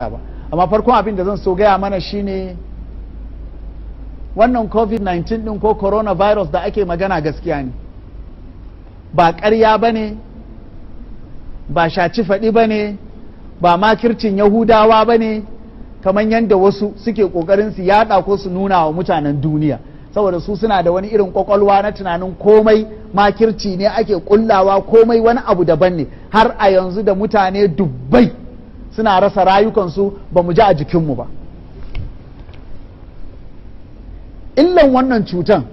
ba amma farkon abin da zan so gaya mana shine wannan covid-19 din ko coronavirus da ake magana gaskiya ne ba ƙarya ba ne ba shaci faɗi ba ne ba makircin yahudawa ba ne kamar yadda wasu suke ƙoƙarin su yaɗa ko su nuna wa mutanen duniya saboda su suna da wani irin ƙwaƙwalwa na tunanin komai makirci ne ake ƙullawa komai wani abu daban ne har a yanzu da mutane dubbai suna rasa rayukansu ba mu ji a jikinmu ba illan wannan cutan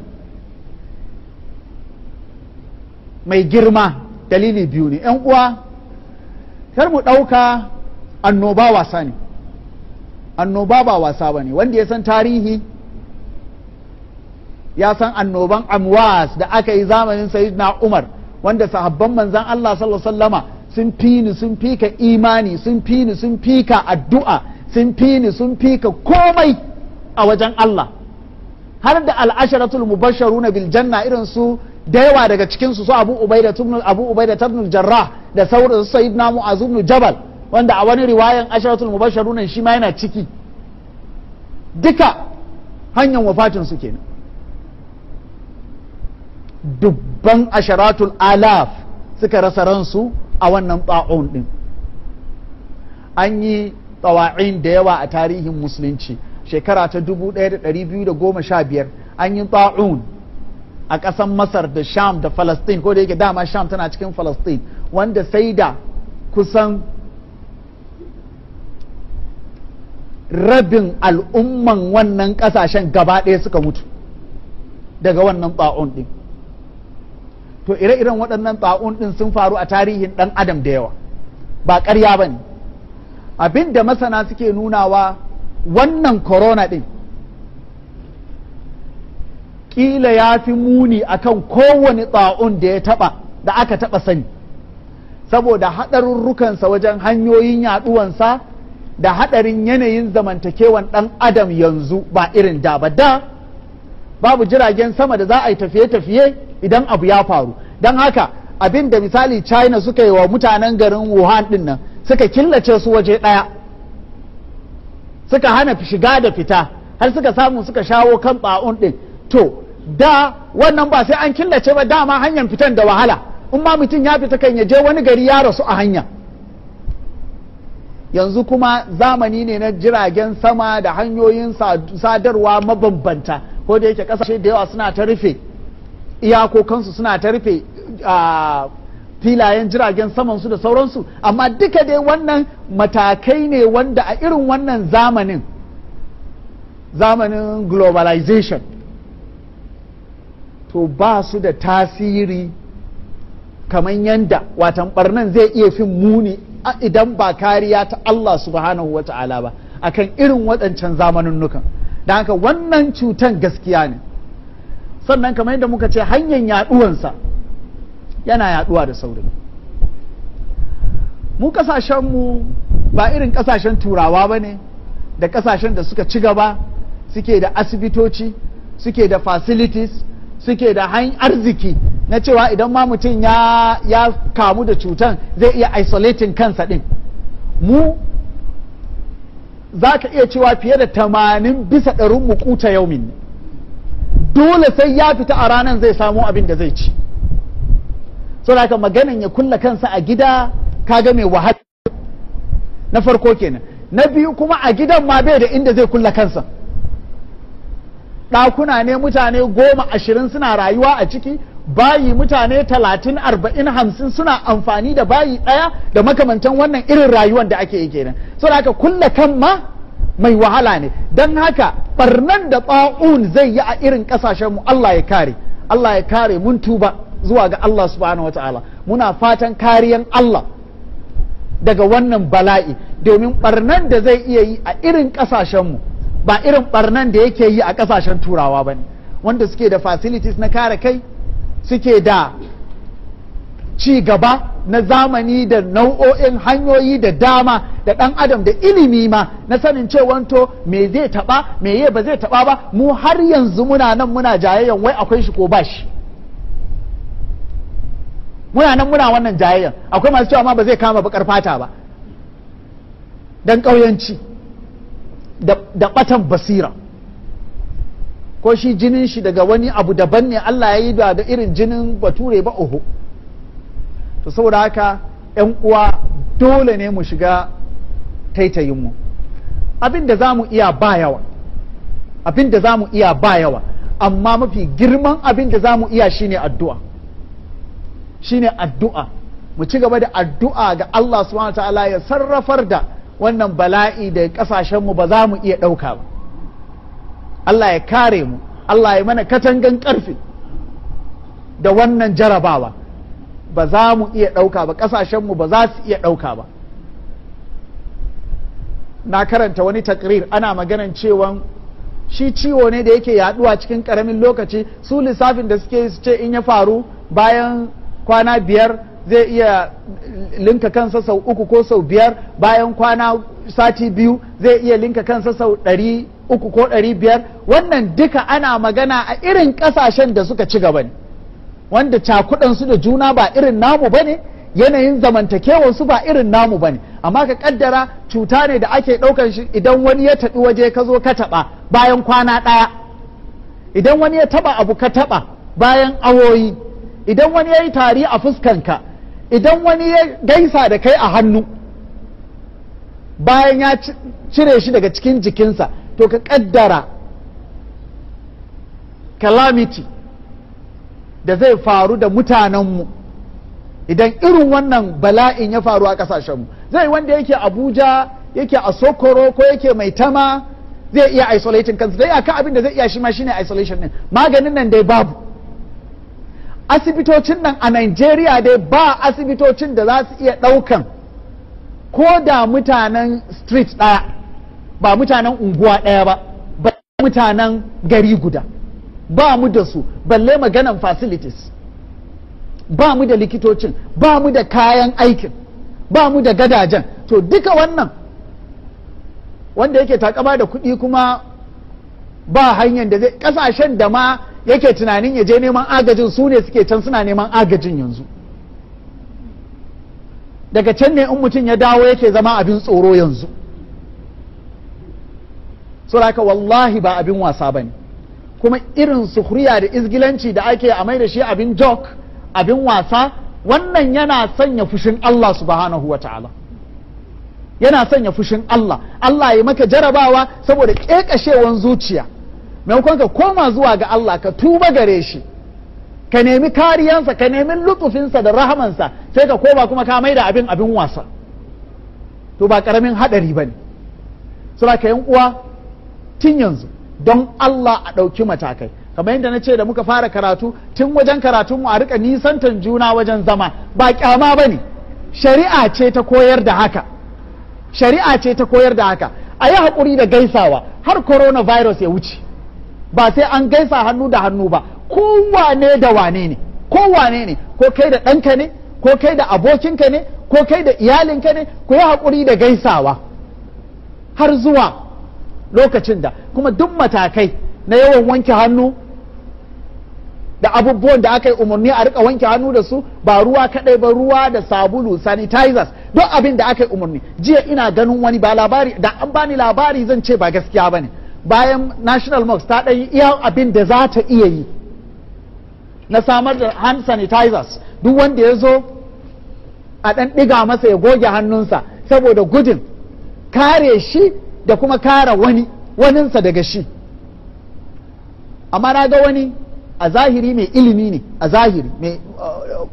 mai girma dalili biyu ne ‘yan uwa kar mu ɗauka annoba wasa ne annoba ba wasa ba ne wanda ya san tarihi ya san annoban amwas da aka yi zamanin na umar wanda sahabban manzan Allah sallallahu sallama sun fi ni sun fi ka imani sun fi ni sun fi ka addu'a sun fi ni sun fi ka komai a wajen Allah har da al'asharatul mubasharuna bil janna irin su da yawa daga cikin su su Abu Ubaida tubnul Abu Ubaida tubnul Jarrah da sauran Sayyidina Mu'az ibn Jabal wanda a wani riwayan asharatul mubasharuna shi ma yana ciki duka hanyar wafatin su kenan dubban asharatul alaf suka rasa ransu a wannan ta'un din an yi tsawa'in da yawa a tarihin musulunci shekara ta 1215 an yi ta'un a ƙasan masar da sham da falastin ko da yake dama sham tana cikin falastin wanda sai da kusan rabin al'umman wannan ƙasashen gaba ɗaya suka mutu daga wannan ta'un ɗin. to ire-iren waɗannan tsaun ɗin sun faru a tarihin ɗan adam da yawa ba ƙarya ba ne abin da masana suke nunawa wannan corona ɗin ƙila ya fi muni a kan kowane tsaun da ya taɓa da aka taɓa sani saboda haɗarurrukansa wajen hanyoyin yaɗuwansa da haɗarin yanayin zamantakewan ɗan adam yanzu ba irin da ba da babu jiragen sama da za a yi tafiye-tafiye idan abu ya faru don haka abin da misali china suka yi wa mutanen garin wuhan din nan suka killace su waje ɗaya suka hana shiga da fita har suka samu suka shawo kan ba'un din to da wannan ba sai an killace ba dama hanyar fitan da wahala in ma mutum ya fita kan ya je wani gari ya rasu a hanya yanzu kuma zamani ne na jiragen sama da hanyoyin sadarwa mabambanta ko da yake kasashe da yawa suna ta rufe iyakokansu suna ta rufe a filayen jiragen samansu da sauransu amma duka dai wannan matakai ne wanda a irin wannan zamanin zamanin globalization to ba su da tasiri kamar yadda watan barnan zai iya fin muni idan ba kariya ta Allah subhanahu wa ta'ala ba akan irin waɗancan zamanin nukan da haka wannan cutan gaskiya ne sannan kamar yadda muka ce hanyar yaduwansa yana yaduwa da saurin mu kasashenmu ba irin kasashen turawa ba ne da kasashen da suka ci gaba suke da asibitoci suke da facilities suke da hanyar arziki na cewa idan ma mutum ya, ya kamu da cutan zai iya isolating kansa din mu za ka iya cewa fiye da tamanin bisa ɗarin mukuta yaumin dole sai ya fita a ranar zai samu abin da zai ci so haka maganan ya kulla kansa a gida kaga mai wahala na farko kenan na biyu kuma a gidan ma bai da inda zai kulla kansa ɗakuna ne mutane goma ashirin suna rayuwa a ciki bayi mutane talatin arba'in hamsin suna amfani da bayi ɗaya da makamantan wannan irin rayuwar da ake yi kenan da haka kulla kan ma mai wahala ne don haka barnan da tsa'un zai yi a irin mu Allah ya kare Allah ya kare mun tuba zuwa ga Allah subhanahu wataala muna fatan kariyan Allah daga wannan bala'i domin barnan da zai iya yi a irin mu ba irin barnan da yake yi a ƙasashen turawa ba ne wanda suke da facilities na kare kai suke da ci gaba na zamani da nau'o'in hanyoyi da dama da ɗan adam da ilimi ma na sanin wanto me zai taɓa me ye ba zai taɓa ba mu har yanzu muna nan muna jayayyan wai akwai shi ko ba shi muna nan muna wannan jayayyan akwai masu cewa ma ba zai kama bakar fata ba don ƙauyanci da ɓatan basira ko shi jinin shi daga wani abu daban ne Allah ya yi da irin jinin bature ba oho to saboda haka yan uwa dole ne mu shiga taitayinmu abin da za mu iya ba yawa abin da za mu iya ba yawa amma mafi girman abin da za mu iya shine addu'a shine addu'a mu ci gaba da addu'a ga Allah subhanahu wa ta'ala ya sarrafar da wannan bala'i da mu ba za mu iya ɗauka ba Allah ya kare mu Allah ya mana katangan karfi da wannan jarabawa ba za mu iya ɗauka ba ƙasashenmu ba za su iya ɗauka ba na karanta wani takrir ana maganan cewa shi ciwo ne da yake yaduwa cikin ƙaramin lokaci su lissafin da suke su ce in ya faru bayan kwana biyar zai iya linka kansa sau uku ko sau biyar bayan kwana sati biyu zai iya linka kansa sau ɗari uku ko ɗari biyar wannan duka ana magana a irin ƙasashen da suka ci gaba ne wanda cakudansu da juna ba irin namu ba ne yanayin zamantakewarsu ba irin namu ba ne amma ka ƙaddara cuta ne da ake ɗaukar shi idan wani ya taɓi waje ka zo ka taɓa bayan kwana ɗaya idan wani ya taɓa abu ka taɓa bayan awoyi idan wani ya yi tari a fuskanka idan wani ya gaisa da kai a hannu bayan ya cire shi daga cikin jikinsa to ka kaddara calamity da zai faru da mutanenmu idan irin wannan bala'in ya faru a ƙasashenmu zai wanda yake abuja yake a sokoro ko yake mai tama zai iya isolating kansa dai akan abin da zai iya shi ma shine isolation din maganin nan dai babu asibitocin nan a Najeriya dai ba asibitocin da za su iya ɗaukan ko da mutanen street ɗaya ba mutanen unguwa ɗaya ba ba mutanen gari guda ba mu da su balle maganan facilities ba mu da likitocin ba mu da kayan aikin ba mu da gadajen to duka wannan wanda yake takama da kuɗi kuma ba hanyar da zai ƙasashen da ma yake tunanin ya je neman agajin su ne suke can suna neman agajin yanzu daga can ne in mutum ya dawo yake zama abin tsoro yanzu suraka wallahi ba abin wasa ba ne. kuma irin sukuriya da izgilanci da ake a mai da shi abin jok abin wasa wannan yana sanya fushin Allah subhanahu wa ta'ala yana sanya fushin Allah Allah ya maka jarabawa saboda ƙeƙashewan zuciya maimakon ka koma zuwa ga Allah ka tuba gare shi ka nemi kariyansa ka nemi lutufinsa da rahamansa sai ka koma kuma ka maida abin abin wasa to ba karamin hadari ba ne sura ka uwa tun yanzu don Allah a ɗauki matakai kamar yadda na ce da muka fara karatu tun wajen karatun mu a rika nisantan juna wajen zama ba kyama ba ne shari'a ce ta koyar da haka shari'a ce ta koyar da haka a yi haƙuri da gaisawa har coronavirus ya wuce ba sai an gaisa hannu da hannu ba kowane da wane ne ko wane ne ko kai da ɗanka ne ko kai da abokinka ne ko kai da iyalinka ne ku yi haƙuri da gaisawa har zuwa lokacin da kuma duk matakai na yawan wanke hannu da abubuwan da aka yi umarni a rika wanke hannu da su ba ruwa kaɗai ba ruwa da sabulu sanitizers don abin da aka yi umarni jiya ina ganin wani ba labari da an bani labari zan ce ba gaskiya ba ne. bayan national mosque ta ɗan iya abin da za ta iya yi na samar da hand sanitizers duk wanda ya zo a ɗan ɗiga masa ya goge hannunsa saboda gudun kare shi da kuma kare wani waninsa daga shi amma na ga wani a zahiri mai ilimi ne a zahiri mai uh,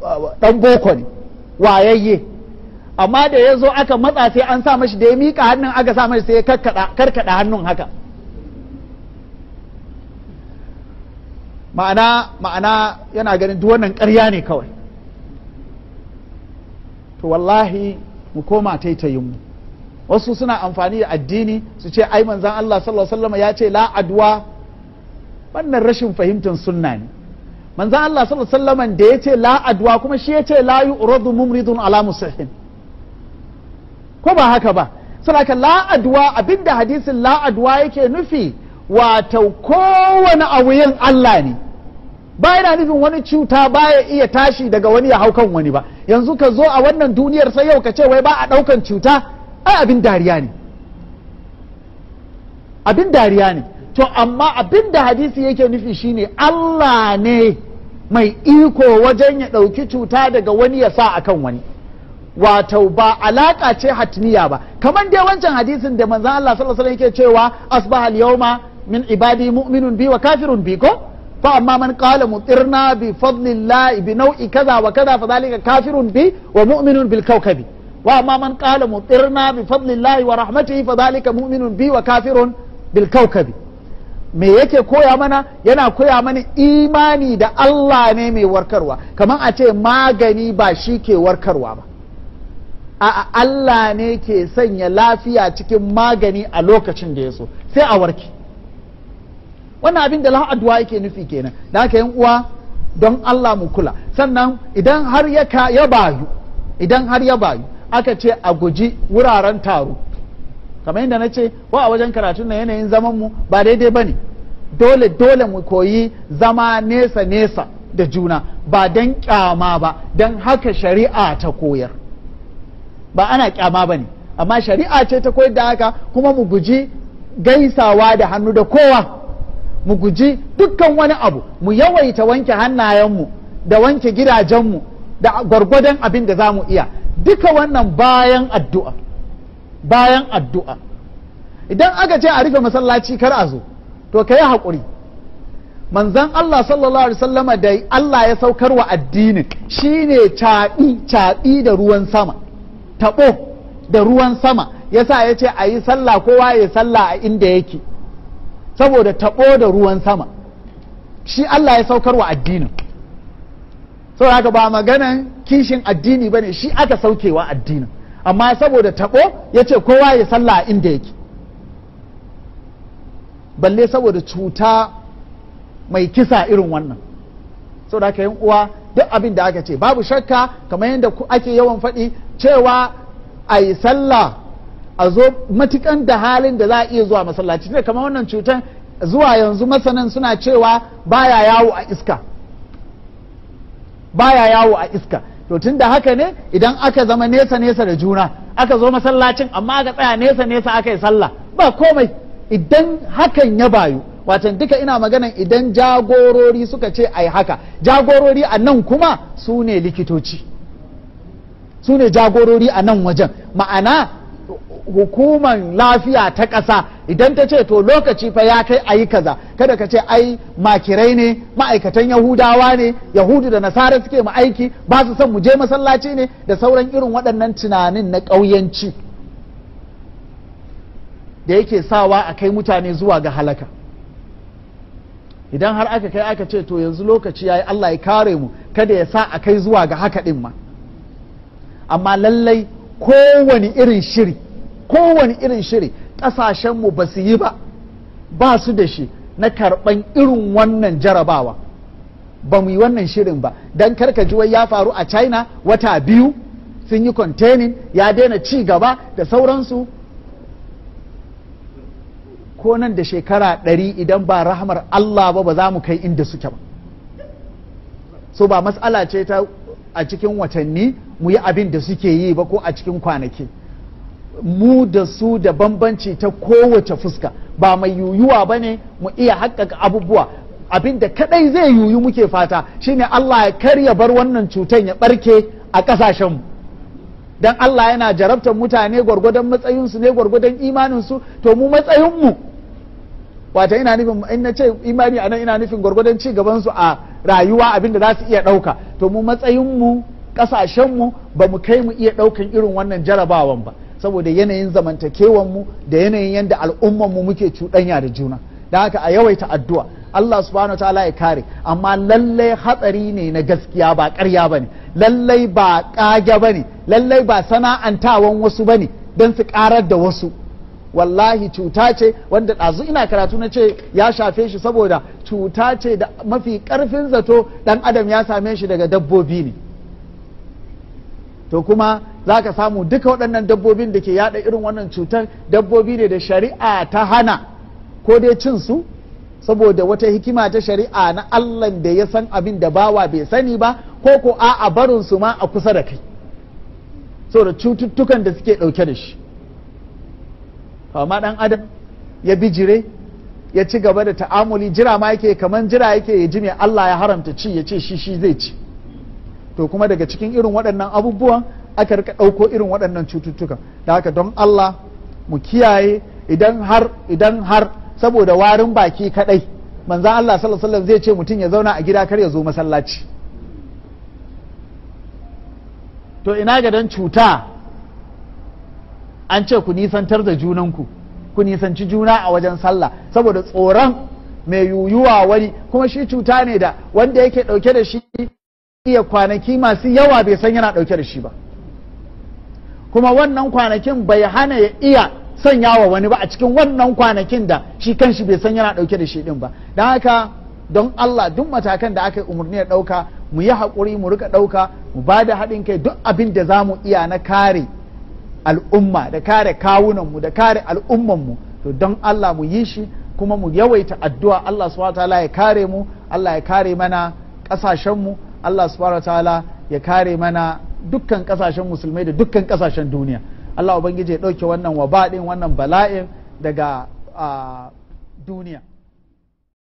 uh, uh, ɗan boko ne wayayye amma da ya zo aka matsa sai an sa mashi da ya miƙa hannun aka sa mashi sai ya karkada hannun haka ma'ana ma'ana yana ganin duk wannan ƙarya ne kawai to wallahi mu koma taitayin mu wasu suna amfani da addini su ce ai manzan Allah sallallahu alaihi ya ce la adwa wannan rashin fahimtar sunna ne manzan Allah sallallahu alaihi wasallam da ya ce la adwa kuma shi ya ce la yu'radu mumridun ala musihin ko ba haka ba saboda la adwa abinda hadisin la adwa yake nufi wato kowane abu yin Allah ne ba yana nufin wani cuta baya iya tashi daga wani ya hau kan wani ba yanzu ka zo a wannan duniyar sai yau ka ce wai ba a ɗaukan cuta ai abin dariya ne abin dariya ne to amma abin da hadisi yake nufi shine Allah ne mai iko wajen ya ɗauki cuta daga wani ya sa akan wani wato ba alaƙa ce hatniya ba kamar dai wancan hadisin da manzon Allah sallallahu alaihi wasallam yake cewa asbahal yawma min ibadi mu'minun bi wa kafirun bi ko fa amma man qala mutirna bi fadlillah bi nau'i kaza wa kaza fa zalika kafirun wa mu'minun bil kawkabi wa amma man qala mutirna wa wa me yake koya mana yana koya mana imani da Allah ne mai warkarwa kamar a ce magani ba shi ke warkarwa ba a Allah ne ke sanya lafiya cikin magani a lokacin da ya so sai a warke wannan abin da la'adwa yake nufi kenan da haka yan uwa don Allah mu kula sannan idan har ya ka ya bayu idan har ya bayu aka ce a guji wuraren taro kamar yadda na ce wa a wajen karatun na yanayin zaman mu ba daidai bane dole dole mu koyi zama nesa nesa da juna ba don kyama ba dan haka shari'a ta koyar ba ana kyama bane amma shari'a ce ta koyar da haka kuma mu guji gaisawa da hannu da kowa mu guji dukkan wani abu mu yawaita wanke hannayenmu da wanke gidajenmu da gwargwadon abin da za mu iya duka wannan bayan addu'a bayan addu'a idan aka ce a rufe masallaci kar a zo to ka yi haƙuri manzan Allah sallallahu alaihi wasallama da Allah ya saukar wa addinin shine caɗi caɗi da ruwan sama taɓo da ruwan sama yasa ya ce a yi sallah kowa ya sallah a inda yake saboda taɓo da ruwan sama shi Allah ya saukar wa addinin saboda haka ba maganan kishin addini ba shi aka sauke wa addinin amma saboda taɓo ya ce kowa ya sallah inda yake balle saboda cuta mai kisa irin wannan saboda haka yan uwa duk abin da aka ce babu shakka kamar yadda ake yawan faɗi cewa a yi sallah a zo matukan da halin da za a iya zuwa masallaci ne kamar wannan cutar zuwa yanzu masanan suna cewa baya yawo a iska baya yawo a iska to tun da haka ne idan aka zama nesa nesa da juna aka zo masallacin amma aka tsaya nesa nesa aka yi sallah ba komai idan hakan ya bayu watan duka ina magana idan jagorori suka ce ai haka jagorori a nan kuma su ne likitoci su ne jagorori a nan wajen ma'ana hukuman lafiya ta ƙasa idan ta ce to lokaci fa ya kai a yi kaza kada ka ce ai makirai ne ma'aikatan yahudawa ne yahudu da nasara suke mu aiki ba su son mu je masallaci ne da sauran irin waɗannan tunanin na ƙauyenci. da yake sawa a kai mutane zuwa ga halaka idan har aka kai aka ce to yanzu lokaci ya yi allah ya kare mu kada ya sa a kai zuwa ga haka ɗin ma amma lallai kowane irin shiri kowane irin shiri ƙasashenmu ba su yi ba ba su da shi na karɓan irin wannan jarabawa ba mu yi wannan shirin ba don karka wai ya faru a china wata biyu sun yi containing ya daina ci gaba da sauransu ko nan da shekara ɗari idan ba rahamar allah ba ba za mu kai inda suke ba so ba matsala ce ta a cikin watanni mu yi abin da suke yi ba ko a cikin kwanaki mu da su da bambanci ta kowace fuska ba mai yuyuwa ba ne mu iya haƙƙaƙa abubuwa abin da kaɗai zai yuyu muke fata shine Allah ya karya bar wannan cutan ya ɓarke a ƙasashenmu dan Allah yana jarabtar mutane gwargwadon matsayinsu ne gwargwadon imaninsu to mu matsayinmu wata ina nufin in na ce imani a nan ina nufin gwargwadon ci gabansu a rayuwa abinda za su iya ɗauka to mu matsayinmu ƙasashenmu ba mu kai mu iya ɗaukan irin wannan jarabawan ba saboda yanayin zamantakewanmu da yanayin yadda al'ummanmu muke cuɗanya da juna da haka a yawaita addu'a Allah subhanahu ta'ala ya kare amma lallai hatsari ne na gaskiya ba ƙarya bane lallai ba ƙage bane lallai ba sana'antawan wasu bane don su ƙarar da wasu wallahi cuta ce wanda ɗazu ina karatu na ce ya shafe shi saboda cuta ce da mafi ƙarfin zato ɗan adam ya same shi daga dabbobi ne to kuma za ka samu duka waɗannan dabbobin da ke yada irin wannan cutar dabbobi ne da shari'a ta hana ko dai cin su saboda wata hikima ta shari'a na allah da ya san abin da bawa bai sani ba ko ko a barin su ma a kusa da kai saboda cututtukan da suke ɗauke da shi amma ɗan adam ya bijire ya ci gaba da ta'amuli jira ma yake kaman jira yake ya ji mai Allah ya haramta ci ya ce shi shi zai ci to kuma daga cikin irin waɗannan abubuwan aka rika ɗauko irin waɗannan cututtukan da haka don Allah mu kiyaye idan har idan har saboda warin baki kadai manzan Allah sallallahu alaihi zai ce mutum ya zauna a gida kar ya zo masallaci to ina ga dan cuta an ce ku nisantar da junanku ku ku nisanci juna a wajen sallah saboda tsoron mai yuyuwa wani kuma shi cuta ne da wanda yake ɗauke da shi iya kwanaki masu yawa bai san yana ɗauke da shi ba kuma wannan kwanakin bai hana ya iya sanya wa wani ba a cikin wannan kwanakin da shi kanshi bai san yana ɗauke da shi din ba don haka don Allah duk matakan da aka yi umarni ya ɗauka mu yi haƙuri mu rika ɗauka mu ba da haɗin kai duk abin da za iya na kare al'umma da kare kawunanmu da kare al'ummanmu to don Allah mu yi shi kuma mu yawaita addu'a Allah subhanahu ya kare mu Allah ya kare mana kasashenmu Allah subhanahu ya kare mana dukkan ƙasashen musulmai da dukkan kasashen duniya Allah ubangiji ya ɗauke wannan wabaɗin wannan bala'in daga ah, duniya